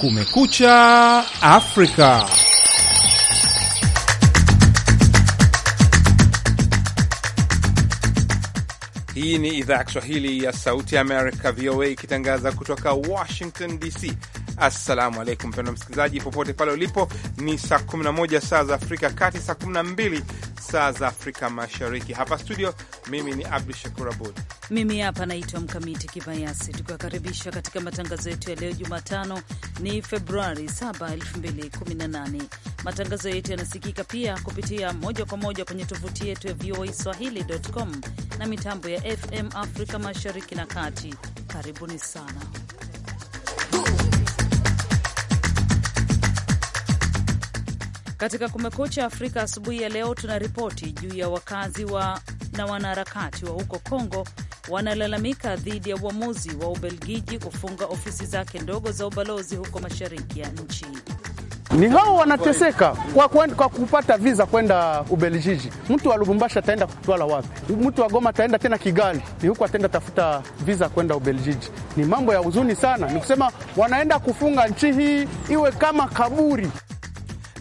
Kumekucha Afrika. Hii ni idhaa ya Kiswahili ya Sauti ya Amerika, VOA, ikitangaza kutoka Washington DC. Assalamu alaikum mpendwa msikilizaji, popote pale ulipo. Ni saa 11 saa za Afrika Kati, saa 12 saa za Afrika Mashariki. Hapa studio, mimi ni Abdu Shakur Abud mimi hapa naitwa Mkamiti Kibayasi, tukiwakaribisha katika matangazo yetu ya leo Jumatano ni Februari 7, 2018. Matangazo yetu yanasikika pia kupitia moja kwa moja kwenye tovuti yetu ya VOA Swahili.com na mitambo ya FM Afrika mashariki na kati. Karibuni sana. Katika Kumekucha Afrika asubuhi ya leo, tuna ripoti juu ya wakazi wa na wanaharakati wa huko Kongo wanalalamika dhidi ya uamuzi wa Ubelgiji kufunga ofisi zake ndogo za ubalozi huko mashariki ya nchi. Ni hao wanateseka kwa, kwa kupata viza kwenda Ubelgiji. Mtu wa Lubumbashi ataenda kutwala wapi? Mtu wa Goma ataenda tena Kigali, ni huku ataenda tafuta viza kwenda Ubelgiji. Ni mambo ya huzuni sana, ni kusema wanaenda kufunga nchi hii iwe kama kaburi.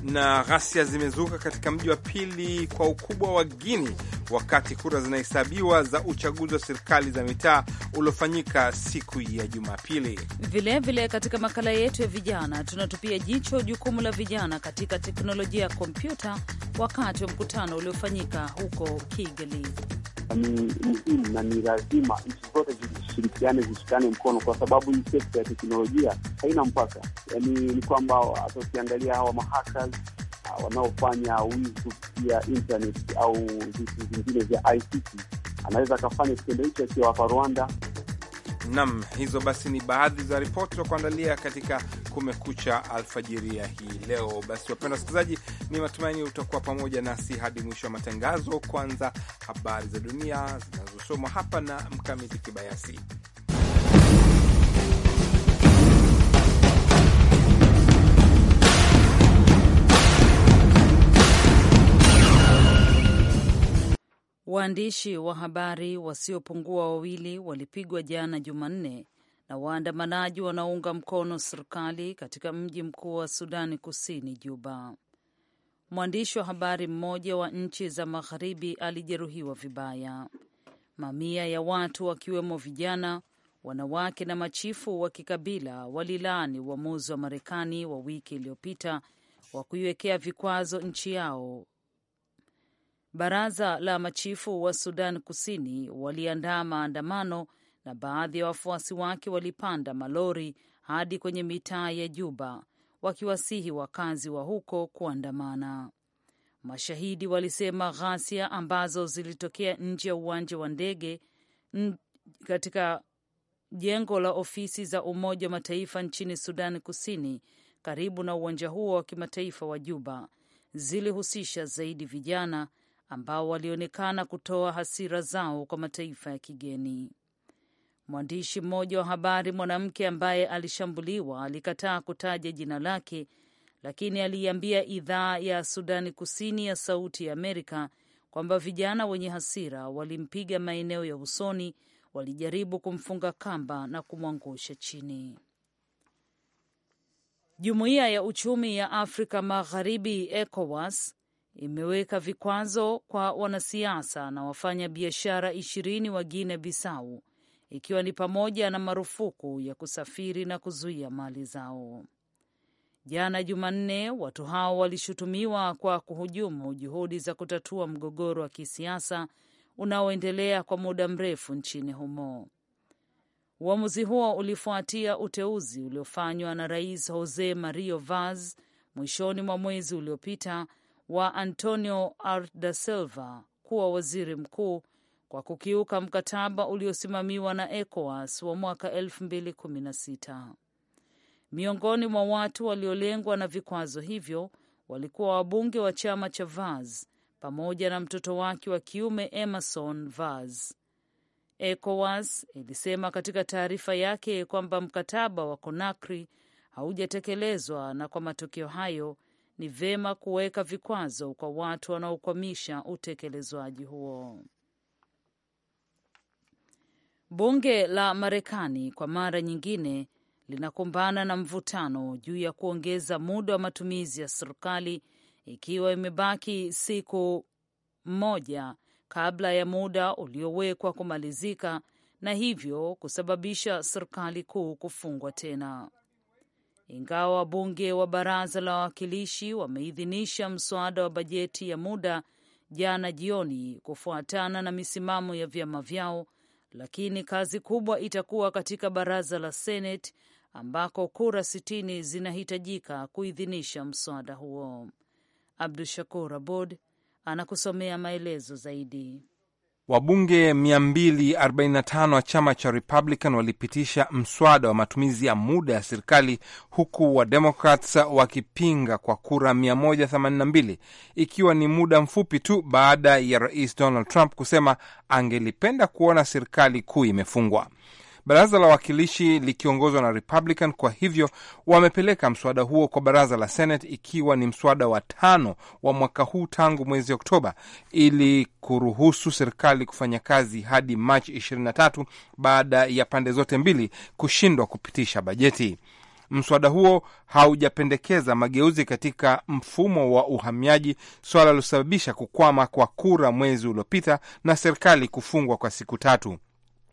Na ghasia zimezuka katika mji wa pili kwa ukubwa wa Guini wakati kura zinahesabiwa za uchaguzi wa serikali za mitaa uliofanyika siku ya Jumapili. Vilevile, katika makala yetu ya vijana tunatupia jicho jukumu la vijana katika teknolojia ya kompyuta wakati wa mkutano uliofanyika huko Kigali. Ni muhimu na ni lazima nchi zote zishirikiane, zishikane mkono, kwa sababu hii sekta ya teknolojia haina mpaka. Yani ni kwamba hata ukiangalia hawa mahakas Uh, wanaofanya wizi kupitia internet au vitu vingine vya ICT, anaweza akafanya kitendo hicho akiwa hapa Rwanda. Nam, hizo basi ni baadhi za ripoti za kuandalia katika Kumekucha alfajiri ya hii leo. Basi wapenda wasikilizaji, ni matumaini utakuwa pamoja nasi hadi mwisho wa matangazo. Kwanza habari za dunia zinazosomwa hapa na Mkamiti Kibayasi. Waandishi wa habari wasiopungua wawili walipigwa jana Jumanne na waandamanaji wanaounga mkono serikali katika mji mkuu wa Sudani Kusini, Juba. Mwandishi wa habari mmoja wa nchi za magharibi alijeruhiwa vibaya. Mamia ya watu wakiwemo vijana, wanawake na machifu wa kikabila walilaani uamuzi wa Marekani wa wiki iliyopita wa kuiwekea vikwazo nchi yao Baraza la machifu wa Sudan Kusini waliandaa maandamano na baadhi ya wafuasi wake walipanda malori hadi kwenye mitaa ya Juba wakiwasihi wakazi wa huko kuandamana. Mashahidi walisema ghasia ambazo zilitokea nje ya uwanja wa ndege katika jengo la ofisi za Umoja wa Mataifa nchini Sudan Kusini, karibu na uwanja huo wa kimataifa wa Juba, zilihusisha zaidi vijana ambao walionekana kutoa hasira zao kwa mataifa ya kigeni. Mwandishi mmoja wa habari mwanamke ambaye alishambuliwa alikataa kutaja jina lake, lakini aliiambia idhaa ya Sudani Kusini ya Sauti ya Amerika kwamba vijana wenye hasira walimpiga maeneo ya usoni, walijaribu kumfunga kamba na kumwangusha chini. Jumuiya ya Uchumi ya Afrika Magharibi, ECOWAS, imeweka vikwazo kwa wanasiasa na wafanya biashara ishirini wa Guinea Bissau, ikiwa ni pamoja na marufuku ya kusafiri na kuzuia mali zao. Jana Jumanne, watu hao walishutumiwa kwa kuhujumu juhudi za kutatua mgogoro wa kisiasa unaoendelea kwa muda mrefu nchini humo. Uamuzi huo ulifuatia uteuzi uliofanywa na Rais Jose Mario Vaz mwishoni mwa mwezi uliopita wa Antonio R da Silva kuwa waziri mkuu kwa kukiuka mkataba uliosimamiwa na ECOWAS wa mwaka 2016. Miongoni mwa watu waliolengwa na vikwazo hivyo walikuwa wabunge wa chama cha Vaz pamoja na mtoto wake wa kiume Emerson Vaz. ECOWAS ilisema katika taarifa yake kwamba mkataba wa Conakry haujatekelezwa na kwa matokeo hayo ni vema kuweka vikwazo kwa watu wanaokwamisha utekelezwaji huo. Bunge la Marekani kwa mara nyingine linakumbana na mvutano juu ya kuongeza muda wa matumizi ya serikali ikiwa imebaki siku moja kabla ya muda uliowekwa kumalizika na hivyo kusababisha serikali kuu kufungwa tena ingawa wabunge wa baraza la wawakilishi wameidhinisha mswada wa bajeti ya muda jana jioni kufuatana na misimamo ya vyama vyao, lakini kazi kubwa itakuwa katika baraza la Seneti ambako kura sitini zinahitajika kuidhinisha mswada huo. Abdu Shakur abud anakusomea maelezo zaidi. Wabunge 245 wa chama cha Republican walipitisha mswada wa matumizi ya muda ya serikali huku Wademokrats wakipinga kwa kura 182, ikiwa ni muda mfupi tu baada ya Rais Donald Trump kusema angelipenda kuona serikali kuu imefungwa. Baraza la Wawakilishi likiongozwa na Republican, kwa hivyo wamepeleka mswada huo kwa baraza la Senate, ikiwa ni mswada wa tano wa mwaka huu tangu mwezi Oktoba, ili kuruhusu serikali kufanya kazi hadi Machi 23 baada ya pande zote mbili kushindwa kupitisha bajeti. Mswada huo haujapendekeza mageuzi katika mfumo wa uhamiaji, suala lilosababisha kukwama kwa kura mwezi uliopita na serikali kufungwa kwa siku tatu.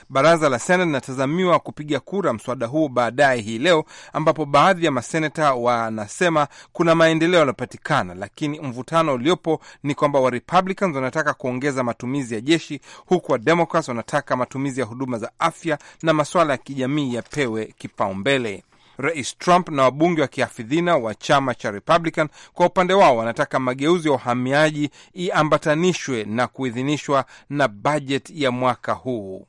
Baraza la Senate linatazamiwa kupiga kura mswada huo baadaye hii leo, ambapo baadhi ya maseneta wanasema kuna maendeleo yanayopatikana, lakini mvutano uliopo ni kwamba wa Republicans wanataka kuongeza matumizi ya jeshi, huku wa Democrats wanataka matumizi ya huduma za afya na masuala ya kijamii yapewe kipaumbele. Rais Trump na wabunge wa kiafidhina wa chama cha Republican kwa upande wao wanataka mageuzi ya uhamiaji iambatanishwe na kuidhinishwa na bajeti ya mwaka huu.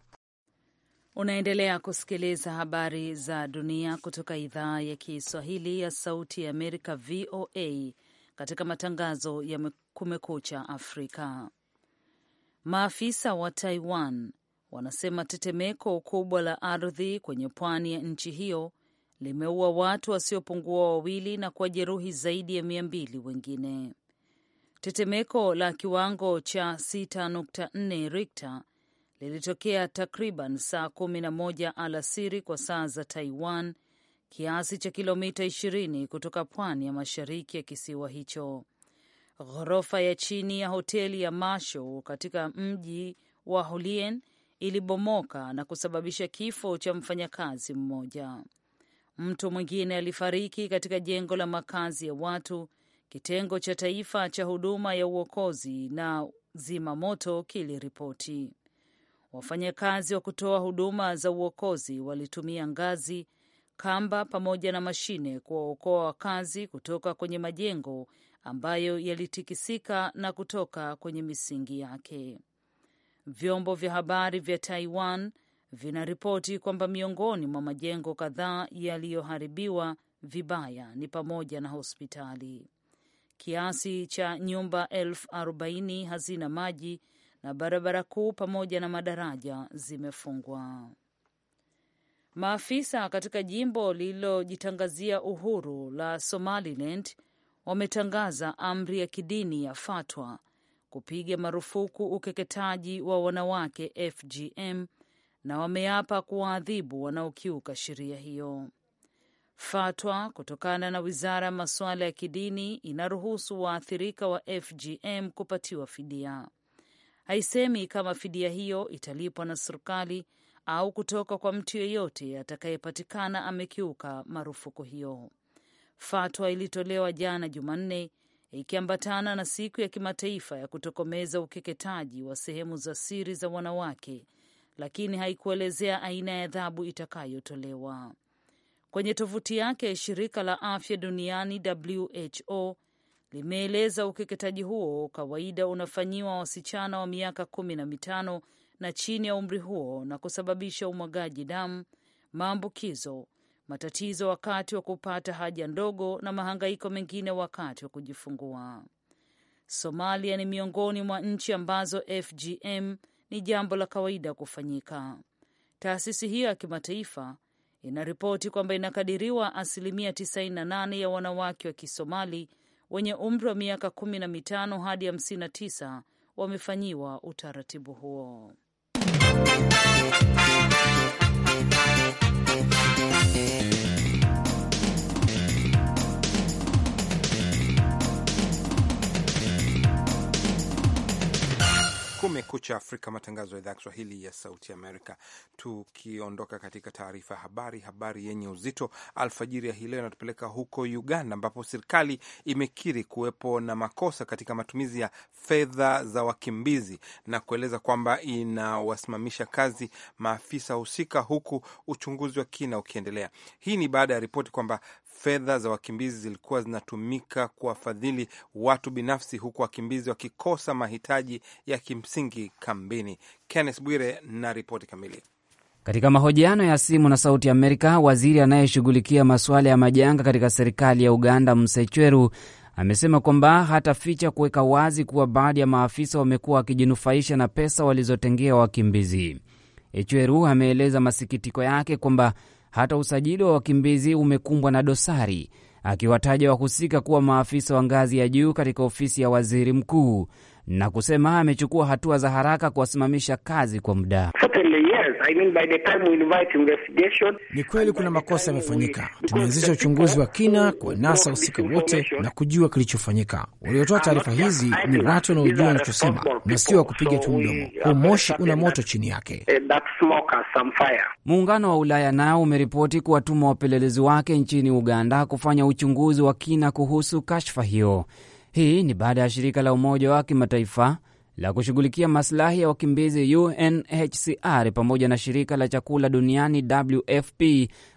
Unaendelea kusikiliza habari za dunia kutoka idhaa ya Kiswahili ya Sauti ya Amerika, VOA, katika matangazo ya Kumekucha Afrika. Maafisa wa Taiwan wanasema tetemeko kubwa la ardhi kwenye pwani ya nchi hiyo limeua watu wasiopungua wawili na kuwajeruhi zaidi ya mia mbili wengine. Tetemeko la kiwango cha 6.4 Richter lilitokea takriban saa kumi na moja alasiri kwa saa za Taiwan, kiasi cha kilomita 20 kutoka pwani ya mashariki ya kisiwa hicho. Ghorofa ya chini ya hoteli ya Masho katika mji wa Hulien ilibomoka na kusababisha kifo cha mfanyakazi mmoja. Mtu mwingine alifariki katika jengo la makazi ya watu. Kitengo cha taifa cha huduma ya uokozi na zimamoto kiliripoti Wafanyakazi wa kutoa huduma za uokozi walitumia ngazi, kamba pamoja na mashine kuwaokoa wakazi kutoka kwenye majengo ambayo yalitikisika na kutoka kwenye misingi yake. Vyombo vya habari vya Taiwan vinaripoti kwamba miongoni mwa majengo kadhaa yaliyoharibiwa vibaya ni pamoja na hospitali. Kiasi cha nyumba elfu arobaini hazina maji na barabara kuu pamoja na madaraja zimefungwa. Maafisa katika jimbo lililojitangazia uhuru la Somaliland wametangaza amri ya kidini ya fatwa kupiga marufuku ukeketaji wa wanawake FGM na wameapa kuwaadhibu wanaokiuka sheria hiyo. Fatwa kutokana na wizara ya masuala ya kidini inaruhusu waathirika wa FGM kupatiwa fidia. Haisemi kama fidia hiyo italipwa na serikali au kutoka kwa mtu yeyote atakayepatikana amekiuka marufuku hiyo. Fatwa ilitolewa jana Jumanne ikiambatana na siku ya kimataifa ya kutokomeza ukeketaji wa sehemu za siri za wanawake, lakini haikuelezea aina ya adhabu itakayotolewa. Kwenye tovuti yake, shirika la afya duniani WHO limeeleza ukeketaji huo kawaida unafanyiwa wasichana wa miaka kumi na mitano na chini ya umri huo na kusababisha umwagaji damu, maambukizo, matatizo wakati wa kupata haja ndogo na mahangaiko mengine wakati wa kujifungua. Somalia ni miongoni mwa nchi ambazo FGM ni jambo la kawaida kufanyika. Taasisi hiyo ya kimataifa inaripoti kwamba inakadiriwa asilimia 98 ya wanawake wa Kisomali wenye umri wa miaka kumi na mitano hadi hamsini na tisa wamefanyiwa utaratibu huo. Kumekucha Afrika, matangazo ya idhaa ya Kiswahili ya Sauti Amerika. Tukiondoka katika taarifa ya habari, habari yenye uzito alfajiri ya hii leo inatupeleka huko Uganda, ambapo serikali imekiri kuwepo na makosa katika matumizi ya fedha za wakimbizi na kueleza kwamba inawasimamisha kazi maafisa husika, huku uchunguzi wa kina ukiendelea. Hii ni baada ya ripoti kwamba fedha za wakimbizi zilikuwa zinatumika kuwafadhili watu binafsi, huku wakimbizi wakikosa mahitaji ya kimsingi kambini. Kenneth Bwire na ripoti kamili. Katika mahojiano ya simu na Sauti Amerika, waziri anayeshughulikia masuala ya majanga katika serikali ya Uganda, Msechweru, amesema kwamba hataficha kuweka wazi kuwa baadhi ya maafisa wamekuwa wakijinufaisha na pesa walizotengea wakimbizi. Echweru ameeleza masikitiko yake kwamba hata usajili wa wakimbizi umekumbwa na dosari, akiwataja wahusika kuwa maafisa wa ngazi ya juu katika ofisi ya waziri mkuu na kusema amechukua hatua za haraka kuwasimamisha kazi kwa muda. I mean by the time we invite investigation, ni kweli kuna makosa yamefanyika. Tumeanzisha uchunguzi wa kina kuwanasa usika wote na kujua kilichofanyika. Waliotoa taarifa hizi ni watu wanaojua wanachosema na sio wa kupiga tu mdomo. Huu moshi una moto chini yake. Muungano wa Ulaya nao umeripoti kuwatuma wapelelezi wake nchini Uganda kufanya uchunguzi wa kina kuhusu kashfa hiyo. Hii ni baada ya shirika la Umoja wa Kimataifa la kushughulikia maslahi ya wakimbizi UNHCR pamoja na shirika la chakula duniani WFP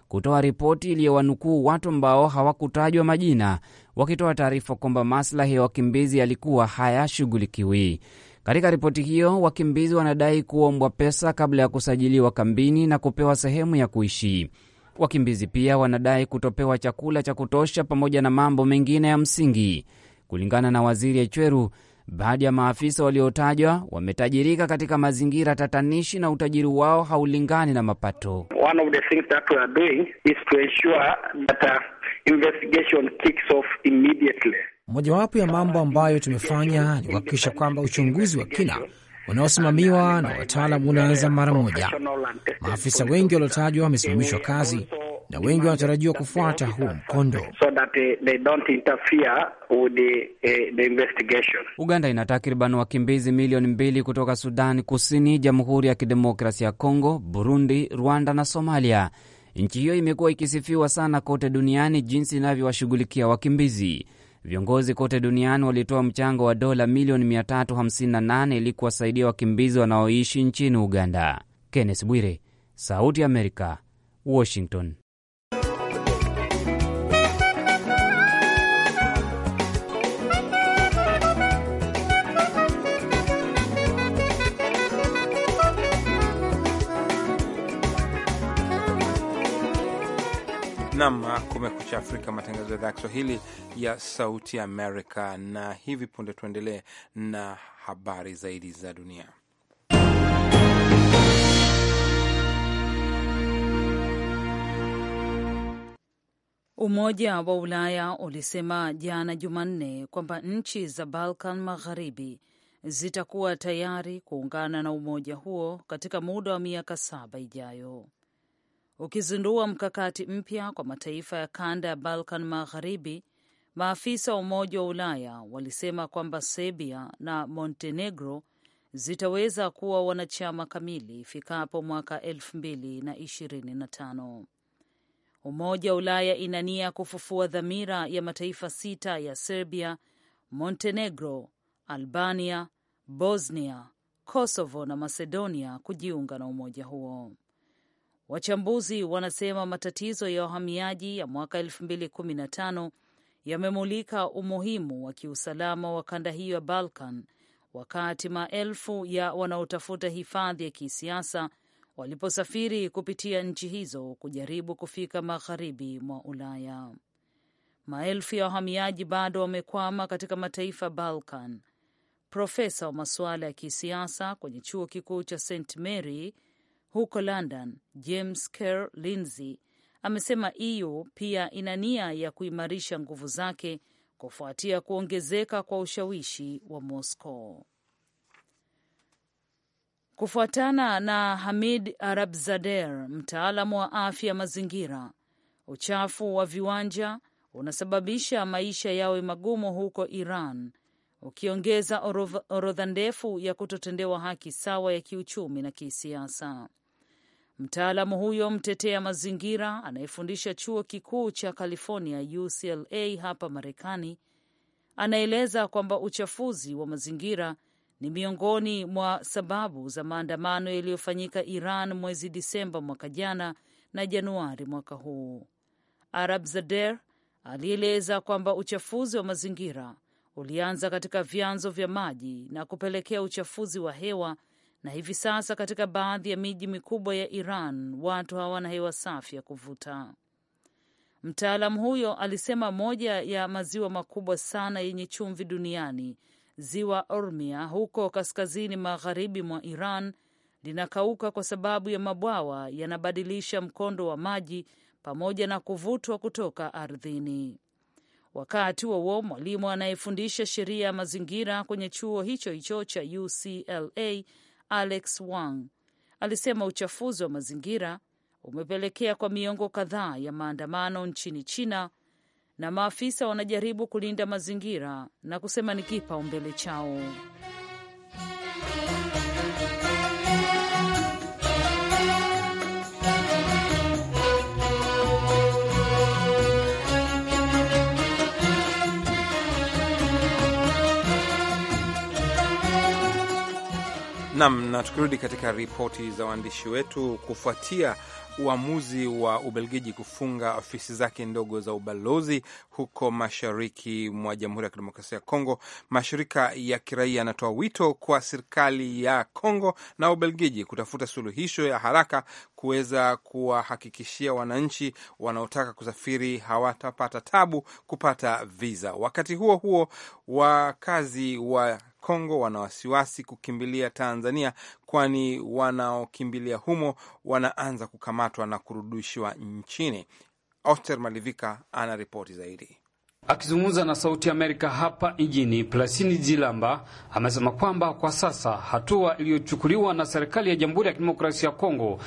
kutoa ripoti iliyowanukuu watu ambao hawakutajwa majina wakitoa taarifa kwamba maslahi ya wakimbizi yalikuwa hayashughulikiwi. Katika ripoti hiyo, wakimbizi wanadai kuombwa pesa kabla ya kusajiliwa kambini na kupewa sehemu ya kuishi. Wakimbizi pia wanadai kutopewa chakula cha kutosha pamoja na mambo mengine ya msingi. Kulingana na Waziri Echweru, Baadhi ya maafisa waliotajwa wametajirika katika mazingira tatanishi na utajiri wao haulingani na mapato. One of the things that we are doing is to ensure that uh, investigation kicks off immediately. Mojawapo ya mambo ambayo tumefanya ni kuhakikisha kwamba uchunguzi wa kina unaosimamiwa na wataalam unaanza mara moja. Maafisa wengi waliotajwa wamesimamishwa kazi na wengi wanatarajiwa kufuata huu mkondo so that they don't interfere with the, eh, the investigation. Uganda ina takriban wakimbizi milioni mbili kutoka Sudani Kusini, Jamhuri ya Kidemokrasia ya Kongo, Burundi, Rwanda na Somalia. Nchi hiyo imekuwa ikisifiwa sana kote duniani jinsi inavyowashughulikia wakimbizi. Viongozi kote duniani walitoa mchango wa dola milioni 358 ili kuwasaidia wakimbizi wanaoishi nchini Uganda. Kenneth Bwire, Sauti ya Amerika, Washington. Nam Kumekucha Afrika, matangazo ya idhaa ya Kiswahili ya Sauti Amerika. Na hivi punde tuendelee na habari zaidi za dunia. Umoja wa Ulaya ulisema jana Jumanne kwamba nchi za Balkan Magharibi zitakuwa tayari kuungana na umoja huo katika muda wa miaka saba ijayo ukizindua mkakati mpya kwa mataifa ya kanda ya Balkan Magharibi. Maafisa wa Umoja wa Ulaya walisema kwamba Serbia na Montenegro zitaweza kuwa wanachama kamili ifikapo mwaka 2025. Umoja wa Ulaya ina nia kufufua dhamira ya mataifa sita ya Serbia, Montenegro, Albania, Bosnia, Kosovo na Macedonia kujiunga na umoja huo. Wachambuzi wanasema matatizo ya wahamiaji ya mwaka 2015 yamemulika umuhimu wa kiusalama wa kanda hiyo ya Balkan wakati maelfu ya wanaotafuta hifadhi ya kisiasa waliposafiri kupitia nchi hizo kujaribu kufika magharibi mwa Ulaya. Maelfu ya wahamiaji bado wamekwama katika mataifa Balkan. Profesa wa masuala ya kisiasa kwenye chuo kikuu cha St Mary huko London, James Kerr Lindsey amesema EU pia ina nia ya kuimarisha nguvu zake kufuatia kuongezeka kwa ushawishi wa Moscow. Kufuatana na Hamid arabzader mtaalamu wa afya ya mazingira, uchafu wa viwanja unasababisha maisha yawe magumu huko Iran, ukiongeza orodha ndefu ya kutotendewa haki sawa ya kiuchumi na kisiasa. Mtaalamu huyo mtetea mazingira anayefundisha chuo kikuu cha California UCLA hapa Marekani anaeleza kwamba uchafuzi wa mazingira ni miongoni mwa sababu za maandamano yaliyofanyika Iran mwezi Disemba mwaka jana na Januari mwaka huu. Zader alieleza kwamba uchafuzi wa mazingira ulianza katika vyanzo vya maji na kupelekea uchafuzi wa hewa na hivi sasa katika baadhi ya miji mikubwa ya Iran watu hawana hewa safi ya kuvuta. mtaalam huyo alisema moja ya maziwa makubwa sana yenye chumvi duniani, ziwa Ormia huko kaskazini magharibi mwa Iran, linakauka kwa sababu ya mabwawa yanabadilisha mkondo wa maji pamoja na kuvutwa kutoka ardhini. Wakati huo huo, mwalimu anayefundisha sheria ya mazingira kwenye chuo hicho hicho cha UCLA Alex Wang alisema uchafuzi wa mazingira umepelekea kwa miongo kadhaa ya maandamano nchini China na maafisa wanajaribu kulinda mazingira na kusema ni kipaumbele chao. Nam, na tukirudi katika ripoti za waandishi wetu, kufuatia uamuzi wa Ubelgiji kufunga ofisi zake ndogo za ubalozi huko mashariki mwa Jamhuri ya Kidemokrasia ya Kongo, mashirika ya kiraia yanatoa wito kwa serikali ya Kongo na Ubelgiji kutafuta suluhisho ya haraka kuweza kuwahakikishia wananchi wanaotaka kusafiri hawatapata tabu kupata viza. Wakati huo huo, wakazi wa Kongo wana wasiwasi kukimbilia Tanzania, kwani wanaokimbilia humo wanaanza kukamatwa na kurudishwa nchini. Oster Malivika ana ripoti zaidi. Akizungumza na Sauti Amerika hapa mjini, Plasini Jilamba amesema kwamba kwa sasa hatua iliyochukuliwa na serikali ya Jamhuri ya Kidemokrasia ya Kongo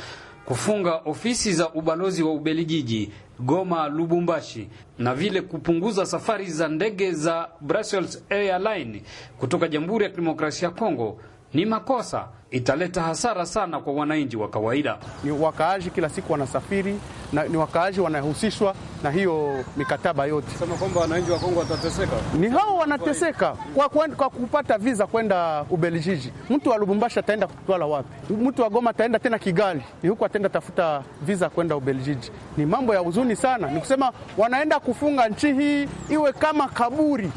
kufunga ofisi za ubalozi wa Ubelgiji Goma, Lubumbashi, na vile kupunguza safari za ndege za Brussels Airline kutoka Jamhuri ya Kidemokrasia ya Kongo ni makosa, italeta hasara sana kwa wananchi wa kawaida. Ni wakaaji kila siku wanasafiri na ni wakaaji wanahusishwa na hiyo mikataba yote. Sema kwamba wananchi wa Kongo watateseka, ni hao wanateseka kwa, kwa, kwa kupata viza kwenda Ubelgiji. Mtu wa Lubumbashi ataenda kutwala wapi? Mtu wa Goma ataenda tena Kigali, ni huko ataenda tafuta viza kwenda Ubelgiji. Ni mambo ya huzuni sana, ni kusema wanaenda kufunga nchi hii iwe kama kaburi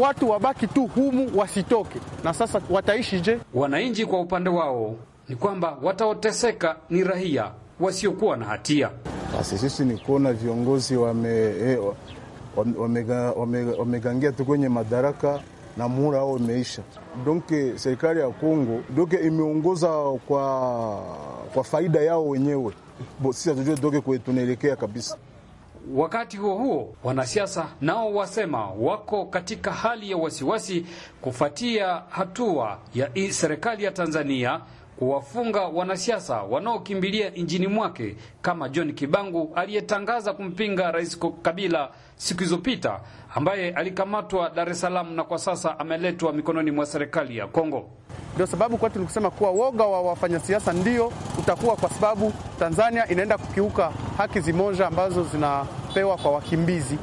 watu wabaki tu humu wasitoke. Na sasa wataishi je? Wananchi kwa upande wao ni kwamba wataoteseka ni raia wasiokuwa na hatia. Basi sisi ni kuona viongozi wamegangia eh, wame, wame, wame, tu kwenye madaraka na muhula wao imeisha. Donke serikali ya Kongo doke imeongoza kwa, kwa faida yao wenyewe. Bo, sisi hatujue doke kwetu tunaelekea kabisa. Wakati huo huo, wanasiasa nao wasema wako katika hali ya wasiwasi kufuatia hatua ya serikali ya Tanzania kuwafunga wanasiasa wanaokimbilia nchini mwake kama John Kibangu aliyetangaza kumpinga Rais Kabila siku zilizopita, ambaye alikamatwa Dar es Salaam na kwa sasa ameletwa mikononi mwa serikali ya Kongo. Ndio sababu kwetu ni kusema kuwa woga wa wafanyasiasa ndio utakuwa, kwa sababu Tanzania inaenda kukiuka haki zimoja ambazo zinapewa kwa wakimbizi,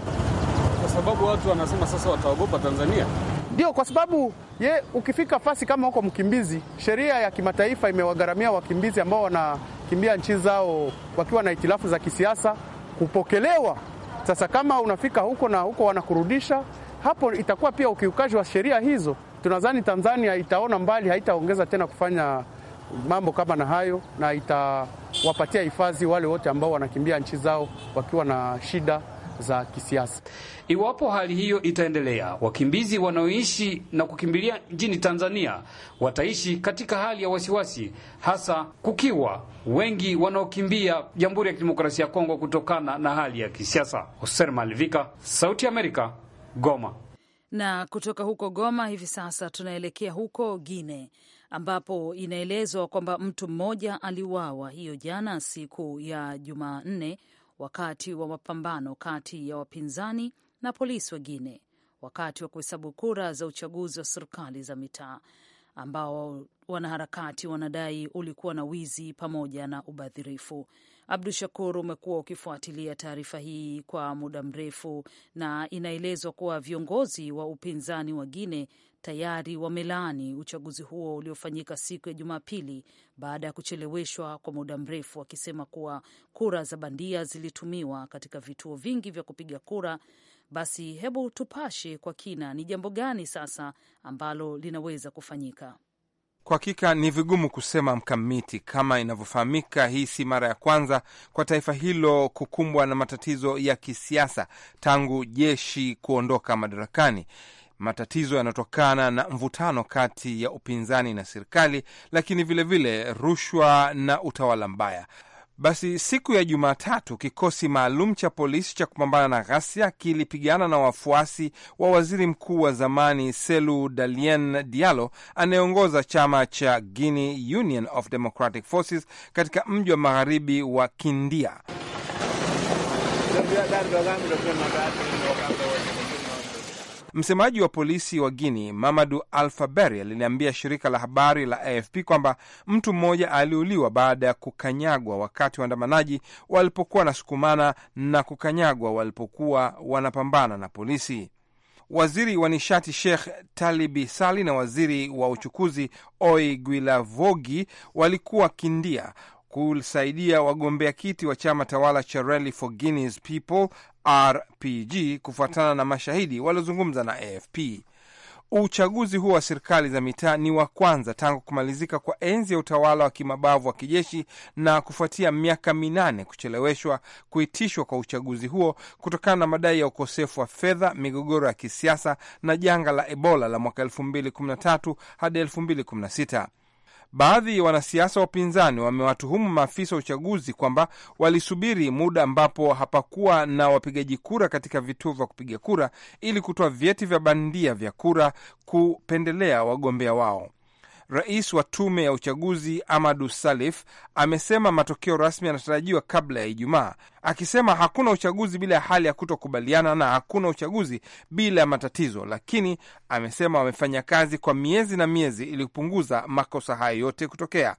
kwa sababu watu wanasema sasa wataogopa Tanzania. Ndio kwa sababu ye, ukifika fasi kama huko mkimbizi, sheria ya kimataifa imewagharamia wakimbizi ambao wanakimbia nchi zao wakiwa na itilafu za kisiasa kupokelewa. Sasa kama unafika huko na huko wanakurudisha, hapo itakuwa pia ukiukaji wa sheria hizo. Tunadhani Tanzania itaona mbali, haitaongeza tena kufanya mambo kama na hayo, na itawapatia hifadhi wale wote ambao wanakimbia nchi zao wakiwa na shida za kisiasa. Iwapo hali hiyo itaendelea, wakimbizi wanaoishi na kukimbilia nchini Tanzania wataishi katika hali ya wasiwasi, hasa kukiwa wengi wanaokimbia Jamhuri ya Kidemokrasia ya Kongo kutokana na hali ya kisiasa. Hoser Malivika, Sauti ya Amerika, Goma. Na kutoka huko Goma hivi sasa tunaelekea huko Guine ambapo inaelezwa kwamba mtu mmoja aliuawa hiyo jana siku ya Jumanne wakati wa mapambano kati ya wapinzani na polisi wa Guine wakati wa kuhesabu kura za uchaguzi wa serikali za mitaa ambao wanaharakati wanadai ulikuwa na wizi pamoja na ubadhirifu. Abdu Shakur, umekuwa ukifuatilia taarifa hii kwa muda mrefu, na inaelezwa kuwa viongozi wa upinzani wa Guine tayari wamelaani uchaguzi huo uliofanyika siku ya Jumapili baada ya kucheleweshwa kwa muda mrefu, wakisema kuwa kura za bandia zilitumiwa katika vituo vingi vya kupiga kura. Basi hebu tupashe kwa kina, ni jambo gani sasa ambalo linaweza kufanyika? Kwa hakika ni vigumu kusema mkamiti. Kama inavyofahamika, hii si mara ya kwanza kwa taifa hilo kukumbwa na matatizo ya kisiasa tangu jeshi kuondoka madarakani. Matatizo yanayotokana na mvutano kati ya upinzani na serikali, lakini vilevile rushwa na utawala mbaya. Basi siku ya Jumatatu, kikosi maalum cha polisi cha kupambana na ghasia kilipigana na wafuasi wa waziri mkuu wa zamani Selu Dalien dialo anayeongoza chama cha Guinea Union of Democratic Forces katika mji wa magharibi wa Kindia. Msemaji wa polisi wa Guini, Mamadu Alfa Beri, aliliambia shirika la habari la AFP kwamba mtu mmoja aliuliwa baada ya kukanyagwa wakati waandamanaji walipokuwa wanasukumana na kukanyagwa walipokuwa wanapambana na polisi. Waziri wa nishati Sheikh Talibi Sali na waziri wa uchukuzi Oi Guilavogi walikuwa Kindia kusaidia wagombea kiti wa chama tawala cha Rally for Guinea's People RPG kufuatana na mashahidi waliozungumza na AFP. Uchaguzi huo wa serikali za mitaa ni wa kwanza tangu kumalizika kwa enzi ya utawala wa kimabavu wa kijeshi na kufuatia miaka minane kucheleweshwa kuitishwa kwa uchaguzi huo kutokana na madai ya ukosefu wa fedha, migogoro ya kisiasa na janga la Ebola la mwaka 2013 hadi 216 Baadhi ya wanasiasa wa upinzani wamewatuhumu maafisa wa uchaguzi kwamba walisubiri muda ambapo hapakuwa na wapigaji kura katika vituo vya kupiga kura ili kutoa vyeti vya bandia vya kura kupendelea wagombea wao. Rais wa tume ya uchaguzi Amadu Salif amesema matokeo rasmi yanatarajiwa kabla ya Ijumaa, akisema hakuna uchaguzi bila ya hali ya kutokubaliana na hakuna uchaguzi bila ya matatizo, lakini amesema wamefanya kazi kwa miezi na miezi ili kupunguza makosa hayo yote kutokea.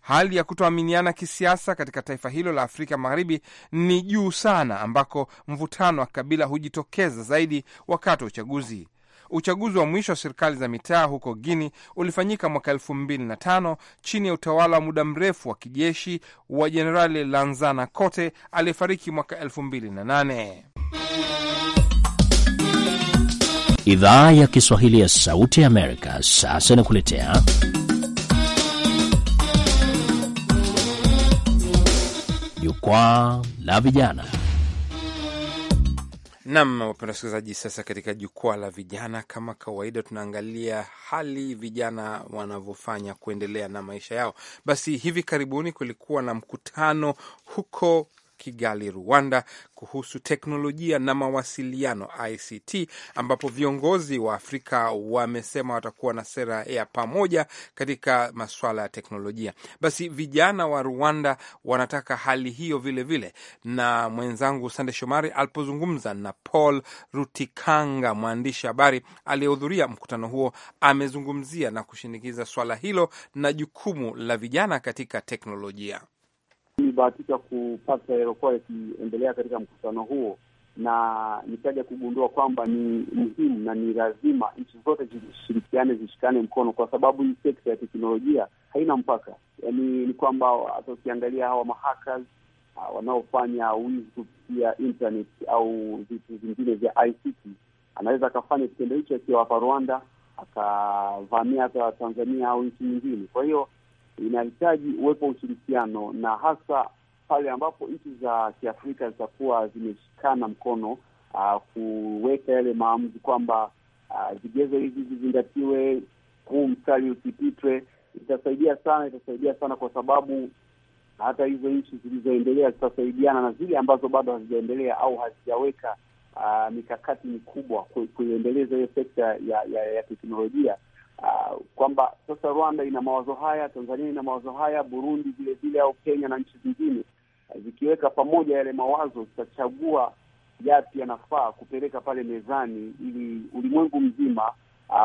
Hali ya kutoaminiana kisiasa katika taifa hilo la Afrika Magharibi ni juu sana, ambako mvutano wa kabila hujitokeza zaidi wakati wa uchaguzi. Uchaguzi wa mwisho wa serikali za mitaa huko Guini ulifanyika mwaka elfu mbili na tano chini ya utawala wa muda mrefu wa kijeshi wa Jenerali Lanzana Kote aliyefariki mwaka elfu mbili na nane. Idhaa ya Kiswahili ya Sauti ya Amerika sasa inakuletea jukwaa la vijana. Nam, wapenda wasikilizaji, sasa katika jukwaa la vijana, kama kawaida, tunaangalia hali vijana wanavyofanya kuendelea na maisha yao. Basi hivi karibuni kulikuwa na mkutano huko Kigali, Rwanda, kuhusu teknolojia na mawasiliano ICT, ambapo viongozi wa Afrika wamesema watakuwa na sera ya pamoja katika masuala ya teknolojia. Basi vijana wa Rwanda wanataka hali hiyo vilevile vile. Na mwenzangu Sande Shomari alipozungumza na Paul Rutikanga, mwandishi habari aliyehudhuria mkutano huo, amezungumzia na kushinikiza swala hilo na jukumu la vijana katika teknolojia. Nilibahatika kupata yaliokuwa yakiendelea katika mkutano huo, na nikaja kugundua kwamba ni muhimu na ni lazima nchi zote zishirikiane, zishikane mkono, kwa sababu hii sekta ya teknolojia haina mpaka. yani ni kwamba hata ukiangalia hawa mahackers ah, wanaofanya wizi kupitia internet au vitu vingine vya ICT, anaweza akafanya kitendo hicho akiwa hapa Rwanda, akavamia hata Tanzania au nchi nyingine. Kwa hiyo inahitaji uwepo wa ushirikiano, na hasa pale ambapo nchi za Kiafrika zitakuwa zimeshikana mkono uh, kuweka yale maamuzi kwamba uh, vigezo hivi vizingatiwe, huu mstari usipitwe, itasaidia sana, itasaidia sana kwa sababu hata hizo nchi zilizoendelea zitasaidiana na zile ambazo bado hazijaendelea au hazijaweka uh, mikakati mikubwa kuiendeleza hiyo sekta ya, ya, ya teknolojia uh, kwamba sasa Rwanda ina mawazo haya, Tanzania ina mawazo haya, Burundi vile vile, au Kenya na nchi zingine uh, zikiweka pamoja yale mawazo zitachagua yapi yanafaa kupeleka pale mezani, ili ulimwengu mzima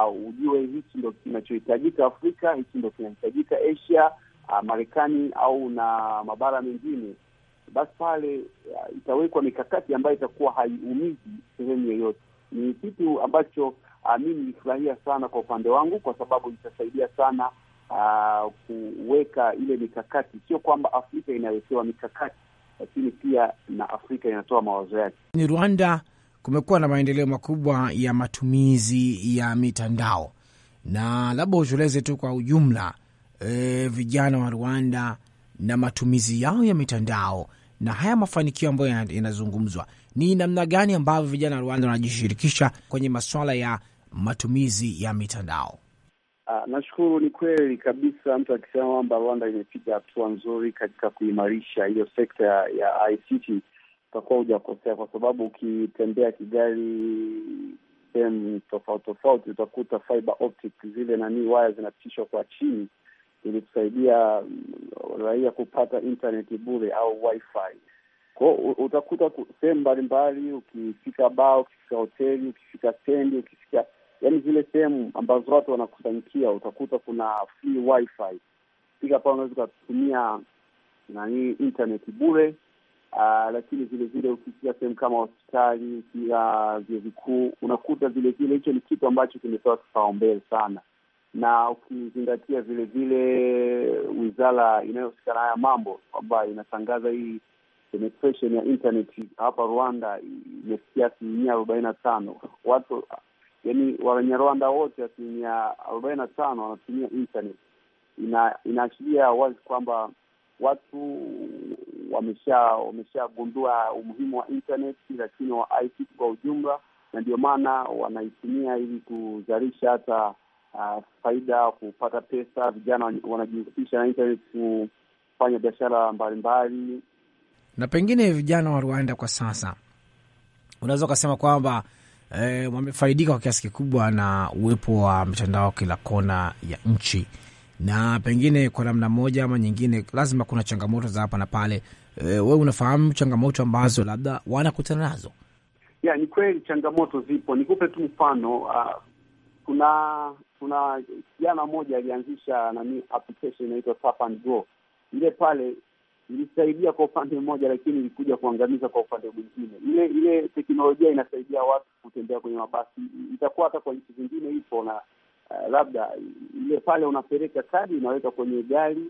uh, ujue hichi ndo kinachohitajika Afrika, hichi ndo kinahitajika Asia, uh, Marekani au na mabara mengine basi pale uh, itawekwa mikakati ambayo itakuwa haiumizi sehemu yoyote. Ni kitu ambacho uh, nilifurahia sana kwa upande wangu, kwa sababu itasaidia sana uh, kuweka ile mikakati. Sio kwamba Afrika inawekewa mikakati, lakini pia na Afrika inatoa mawazo yake. Ni Rwanda kumekuwa na maendeleo makubwa ya matumizi ya mitandao, na labda utueleze tu kwa ujumla e, vijana wa Rwanda na matumizi yao ya mitandao na haya mafanikio ambayo yanazungumzwa, ni namna gani ambavyo vijana wa Rwanda wanajishirikisha kwenye masuala ya matumizi ya mitandao? Uh, nashukuru. Ni kweli kabisa mtu akisema kwamba Rwanda imepiga hatua nzuri katika kuimarisha hiyo sekta ya, ya ICT utakuwa hujakosea, kwa sababu ukitembea Kigali sehemu tofauti tofauti utakuta fiber optic, zile nani waya zinapitishwa kwa chini ili kusaidia mm, raia kupata intaneti bure au wifi. Kwa utakuta sehemu mbalimbali, ukifika baa, ukifika hoteli, ukifika stendi, ukifika yani zile sehemu ambazo watu wanakusanyikia, utakuta kuna free wifi pika pale, unaweza ukatumia nani internet bure. Uh, lakini vile vile sehemu kama hospitali, ukiia vyuo vikuu, unakuta vile vile hicho ni kitu ambacho kimetoa kipaumbele sana, na ukizingatia vile vile wizara inayohusika na haya mambo kwamba inatangaza hii penetration ya internet hapa Rwanda imefikia asilimia arobaini na tano watu yani Wanyarwanda wote asilimia arobaini na tano wanatumia internet. Ina- inaashiria wazi kwamba watu wamesha wameshagundua umuhimu wa internet, lakini wa IT kwa ujumla, na ndio maana wanaitumia ili kuzalisha hata uh, faida, kupata pesa. Vijana wanajihusisha na internet kufanya biashara mbalimbali, na pengine vijana wa Rwanda kwa sasa unaweza ukasema kwamba Eh, wamefaidika kwa kiasi kikubwa na uwepo wa mitandao kila kona ya nchi, na pengine kwa namna moja ama nyingine lazima kuna changamoto za hapa na pale. E, wewe unafahamu changamoto ambazo labda wanakutana nazo? Ya, ni kweli changamoto zipo. Nikupe tu mfano uh, kuna kuna kijana mmoja alianzisha nani application inaitwa Tap and Go ile pale ilisaidia kwa upande mmoja, lakini ilikuja kuangamiza kwa upande mwingine. Ile ile teknolojia inasaidia watu kutembea kwenye mabasi, itakuwa hata kwa nchi zingine ipo na uh, labda ile pale unapeleka kadi unaweka kwenye gari,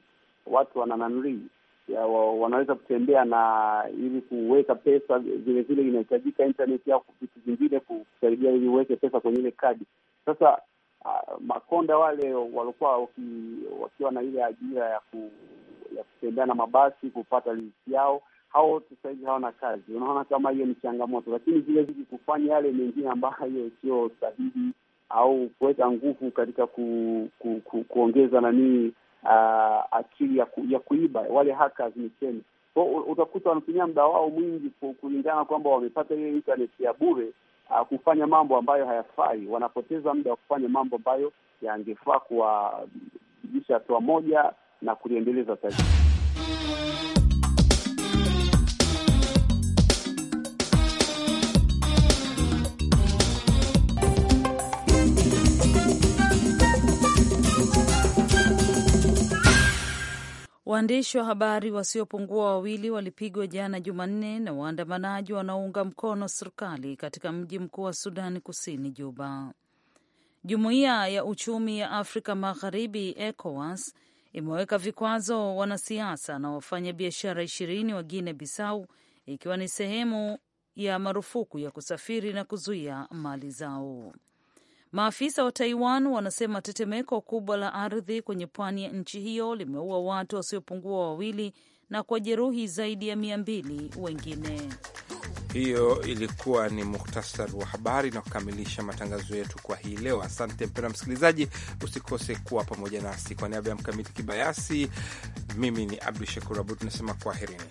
watu wanananrii ya, wa, wanaweza kutembea na ili kuweka pesa vile vile, inahitajika internet au vitu vingine kusaidia ili uweke pesa kwenye ile kadi. Sasa uh, makonda wale walikuwa wakiwa na ile ajira ya ku ya kutembea na mabasi kupata riziki yao. Hao wote saa hawana kazi. Unaona kama hiyo ni changamoto, lakini vile vile kufanya yale mengine ambayo sio sahihi au kuweka nguvu katika ku, ku, ku, kuongeza nanii uh, akili ya, ku, ya kuiba wale hackers niseme so, utakuta wanatumia muda wao mwingi kulingana kwamba wamepata hiyo internet ya bure uh, kufanya mambo ambayo hayafai. Wanapoteza muda wa kufanya mambo ambayo yangefaa kuwajulisha hatua moja na kuliendeleza taifa. Waandishi wa habari wasiopungua wawili walipigwa jana Jumanne na waandamanaji wanaounga mkono serikali katika mji mkuu wa Sudani Kusini, Juba. Jumuiya ya Uchumi ya Afrika Magharibi, ECOWAS, imeweka vikwazo wanasiasa na wafanya biashara ishirini wa guine Bissau ikiwa ni sehemu ya marufuku ya kusafiri na kuzuia mali zao. Maafisa wa Taiwan wanasema tetemeko kubwa la ardhi kwenye pwani ya nchi hiyo limeua watu wasiopungua wawili na jeruhi zaidi ya mia mbili wengine. Hiyo ilikuwa ni muhtasar wa habari na kukamilisha matangazo yetu kwa hii leo. Asante mpendwa msikilizaji, usikose kuwa pamoja nasi. Kwa niaba ya Mkamiti Kibayasi, mimi ni Abdu Shakur Abud, nasema kwaherini.